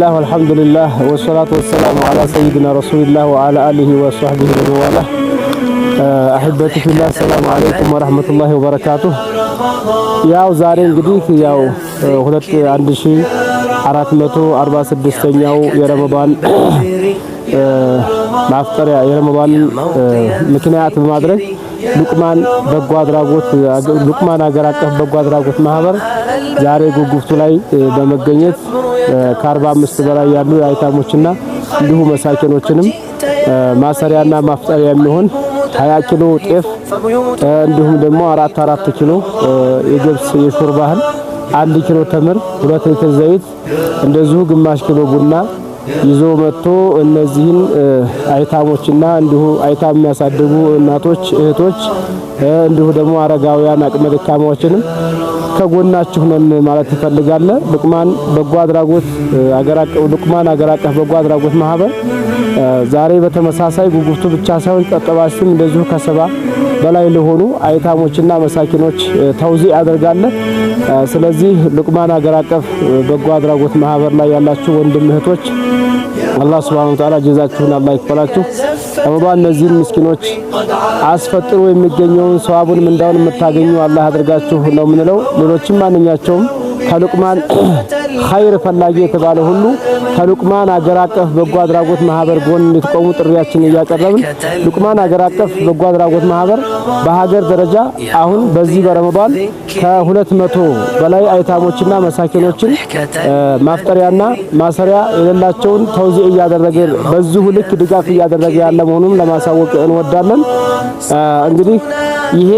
ላሁ አልሐምዱሊላህ ወሰላቱ ወሰላሙ አላ ሰይድና ረሱሊላህ ወአላ አሊሂ ወሶሕቢሂ ወመዋላ አሕበቲ ፊላህ ሰላሙ አለይኩም ወረሕመቱላሂ ወበረካቱ። ያው ዛሬ እንግዲህ ያው 1446ኛው uh, የረመዳን uh, ማፍጠሪያ የረመዳንን ምክንያት በማድረግ ሉቅማን በጎ አድራጎት ሉቅማን ሀገር አቀፍ በጎ አድራጎት ማህበር ዛሬ ጉጉፍቱ ላይ በመገኘት ከ45 በላይ ያሉ አይታሞችና እንዲሁ መሳኪኖችንም ማሰሪያና ማፍጠሪያ የሚሆን 20 ኪሎ ጤፍ እንዲሁም ደግሞ 4 4 ኪሎ የገብስ የሾርባ እህል አንድ ኪሎ ተምር፣ ሁለት ሊትር ዘይት እንደዚሁ ግማሽ ኪሎ ቡና ይዞ መጥቶ እነዚህን አይታሞችና እንዲሁ አይታም የሚያሳድጉ እናቶች፣ እህቶች እንዲሁ ደግሞ አረጋውያን አቅመ ደካማዎችንም ከጎናችሁ ነን ማለት ይፈልጋለ። ሉቅማን በጎ አድራጎት ሉቅማን አገር አቀፍ በጎ አድራጎት ማህበር ዛሬ በተመሳሳይ ጉጉፍቱ ብቻ ሳይሆን ጠጠባሽም እንደዚሁ ከሰባ በላይ ለሆኑ አይታሞችና መሳኪኖች ተውዚ አድርጋለ ስለዚህ ሉቅማን ሀገር አቀፍ በጎ አድራጎት ማህበር ላይ ያላችሁ ወንድም እህቶች አላህ ሱብሓነሁ ወተዓላ ጀዛችሁን አላህ ይክፈላችሁ። ረመዳን እነዚህን ምስኪኖች አስፈጥሮ የሚገኘውን ሰዋቡን ምንዳውን የምታገኙ አላህ አድርጋችሁ ነው የምንለው። ሌሎችም ማንኛቸውም ከሉቅማን ኸይር ፈላጊ የተባለ ሁሉ ከሉቅማን አገር አቀፍ በጎ አድራጎት ማህበር ጎን እንድትቆሙ ጥሪያችን እያቀረብን ሉቅማን አገር አቀፍ በጎ አድራጎት ማህበር በሀገር ደረጃ አሁን በዚህ በረመዳን ከሁለት መቶ በላይ አይታሞችና መሳኪኖችን ማፍጠሪያና ማሰሪያ የሌላቸውን ተውዚዕ እያደረገ በዚሁ ልክ ድጋፍ እያደረገ ያለ መሆኑን ለማሳወቅ እንወዳለን። እንግዲህ ይሄ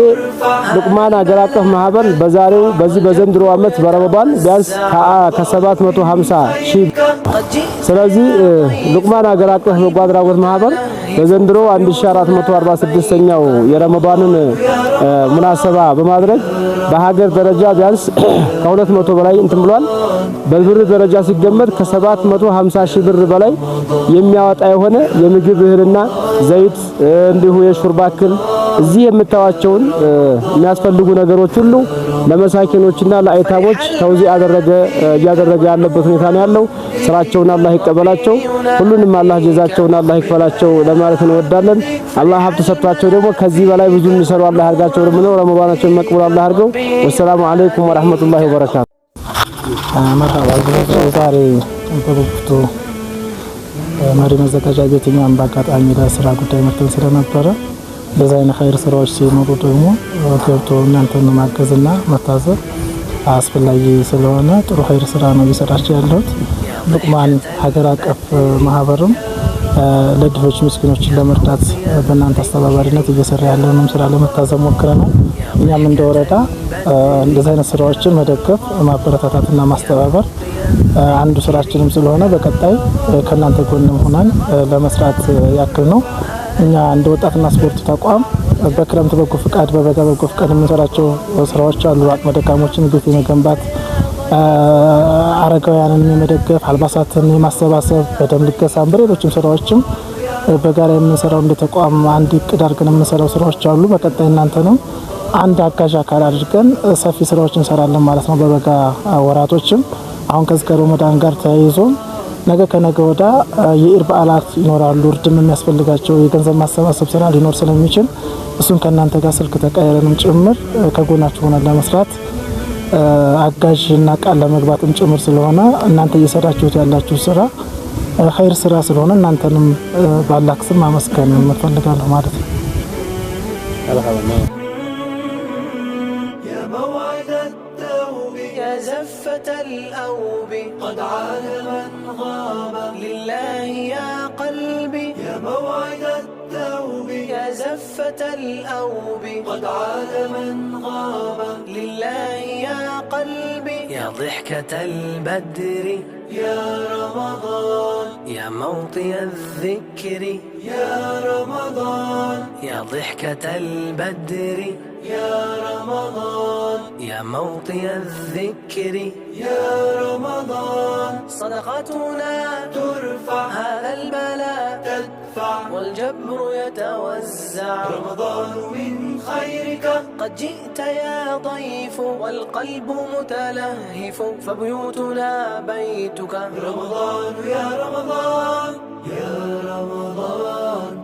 ሉቅማን አገር አቀፍ ማህበር በዛሬው በዚህ በዘንድሮ ዓመት በረመዳን ቢያንስ ከ750 ሺህ ስለዚህ ሉቅማን አገር አቀፍ በጎ አድራጎት ማህበር በዘንድሮ 1446ኛው የረመዳንን ሙናሰባ በማድረግ በሀገር ደረጃ ቢያንስ ከ200 በላይ እንትን ብሏል። በብር ደረጃ ሲገመት ከ750 ሺህ ብር በላይ የሚያወጣ የሆነ የምግብ እህልና ዘይት እንዲሁ የሹርባክል እዚህ የምታዋቸውን የሚያስፈልጉ ነገሮች ሁሉ ለመሳኪኖችና ለአይታቦች ተውዚዕ ያደረገ እያደረገ ያለበት ሁኔታ ነው ያለው። ስራቸውን አላህ ይቀበላቸው፣ ሁሉንም አላህ ጀዛቸውን አላህ ይክፈላቸው ለማለት እንወዳለን። አላህ ሀብት ሰጥቷቸው ደግሞ ከዚህ በላይ ብዙ የሚሰሩ አላህ ያርጋቸው። ምነው ረመዳናቸውን መቅበል አላህ አርገው። ወሰላሙ አለይኩም ወራህመቱላሂ ወበረካቱ። ዛሬ በጉጉቱ መሪ መዘጋጃ ቤት እኛም በአጋጣሚ ለስራ ጉዳይ መጥተን ስለነበረ በዛ አይነት ኸይር ስራዎች ሲኖሩ ደግሞ ገብቶ እናንተን ማገዝና መታዘብ አስፈላጊ ስለሆነ ጥሩ ኸይር ስራ ነው እየሰራችሁ ያለሁት። ሉቅማን ሀገር አቀፍ ማህበርም ለድሆች ምስኪኖችን ለመርዳት በእናንተ አስተባባሪነት እየሰራ ያለውንም ስራ ለመታዘብ ሞክረናል። እኛም እንደ ወረዳ እንደዚህ አይነት ስራዎችን መደገፍ ማበረታታትና ማስተባበር አንዱ ስራችንም ስለሆነ በቀጣይ ከእናንተ ጎንም ሆናን ለመስራት ያክል ነው። እኛ እንደ ወጣትና ስፖርት ተቋም በክረምት በጎ ፍቃድ፣ በበጋ በጎ ፍቃድ የምንሰራቸው ስራዎች አሉ። አቅመ ደካሞችን ግፍ የመገንባት አረጋውያንን የመደገፍ አልባሳትን የማሰባሰብ በደም ልገሳም በሌሎችም ስራዎችም በጋራ የምንሰራው እንደ ተቋም አንድ እቅድ አድርገን የምንሰራው ስራዎች አሉ። በቀጣይ እናንተንም አንድ አጋዥ አካል አድርገን ሰፊ ስራዎች እንሰራለን ማለት ነው። በበጋ ወራቶችም አሁን ከዚህ ከሮመዳን ጋር ተያይዞ ነገ ከነገ ወዳ የኢድ በዓላት ይኖራሉ። እርድም የሚያስፈልጋቸው የገንዘብ ማሰባሰብ ስራ ሊኖር ስለሚችል እሱን ከእናንተ ጋር ስልክ ተቀያየረንም ጭምር ከጎናችሁ ሆነን ለመስራት አጋዥ እና ቃል ለመግባትም ጭምር ስለሆነ እናንተ እየሰራችሁት ያላችሁ ስራ ኸይር ስራ ስለሆነ እናንተንም ባላክስም አመስገን እንፈልጋለሁ ማለት ነው። زفة الأوب قد عاد من غاب لله يا قلبي يا موعد زفة الأوب قد عاد من غاب لله يا قلبي يا ضحكة البدر يا رمضان يا موطي الذكر يا رمضان يا ضحكة البدر يا رمضان يا موطي الذكر يا رمضان صدقتنا ترى والجبر يتوزع رمضان من خيرك قد جئت يا ضيف والقلب متلهف فبيوتنا بيتك رمضان يا رمضان يا رمضان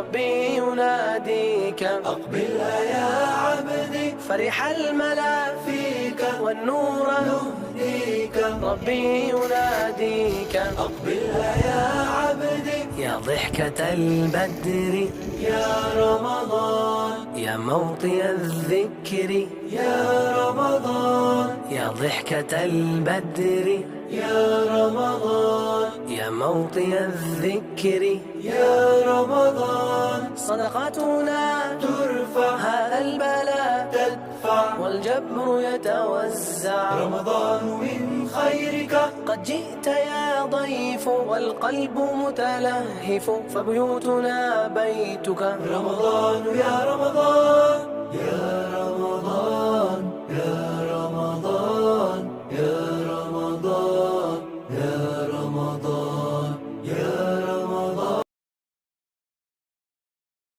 ربي يناديك أقبل يا عبدي فرح الملا فيك والنور نهديك ربي يناديك أقبل يا عبدي يا ضحكة البدر يا رمضان يا موطي الذكر يا رمضان يا ضحكة البدر يا موطي الذكر يا رمضان صدقاتنا ترفع هذا البلاء تدفع والجبر يتوزع رمضان من خيرك قد جئت يا ضيف والقلب متلهف فبيوتنا بيتك رمضان يا رمضان يا رمضان